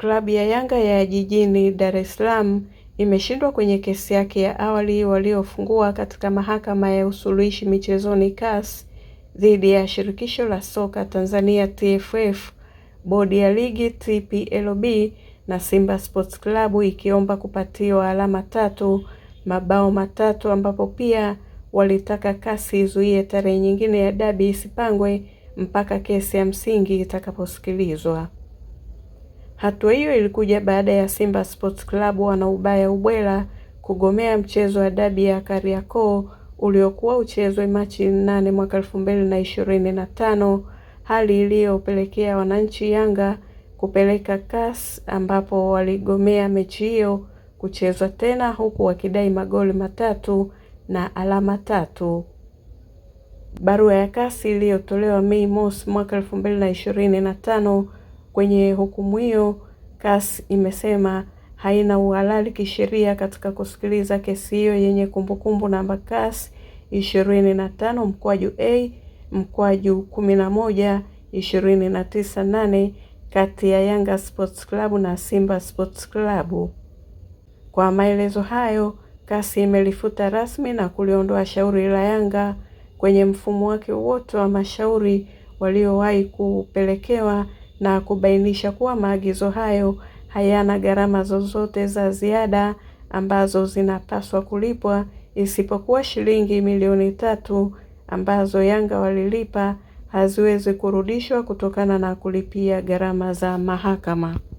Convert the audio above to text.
Klabu ya Yanga ya Jijini Dar es Salaam imeshindwa kwenye kesi yake ya awali waliofungua katika Mahakama ya Usuluhishi Michezoni CAS dhidi ya Shirikisho la Soka Tanzania TFF, Bodi ya Ligi TPLB na Simba Sports Club ikiomba kupatiwa alama tatu mabao matatu ambapo pia walitaka CAS izuie tarehe nyingine ya dabi isipangwe mpaka kesi ya msingi itakaposikilizwa. Hatua hiyo ilikuja baada ya Simba Sports Club wanaubaya ubwela kugomea mchezo wa dabi ya Kariakoo uliokuwa uchezwe Machi 8 mwaka tano, hali iliyopelekea wananchi Yanga kupeleka CAS ambapo waligomea mechi hiyo kuchezwa tena huku wakidai magoli matatu na alama tatu. Barua ya CAS iliyotolewa Mei mosi mwaka 2025 Kwenye hukumu hiyo, CAS imesema haina uhalali kisheria katika kusikiliza kesi hiyo yenye kumbukumbu namba CAS 25 mkwaju A mkwaju 11 298 kati ya Yanga Sports Club na Simba Sports Club. Kwa maelezo hayo, CAS imelifuta rasmi na kuliondoa shauri la Yanga kwenye mfumo wake wote wa mashauri waliowahi kupelekewa na kubainisha kuwa maagizo hayo hayana gharama zozote za ziada ambazo zinapaswa kulipwa isipokuwa shilingi milioni tatu ambazo Yanga walilipa haziwezi kurudishwa kutokana na kulipia gharama za mahakama.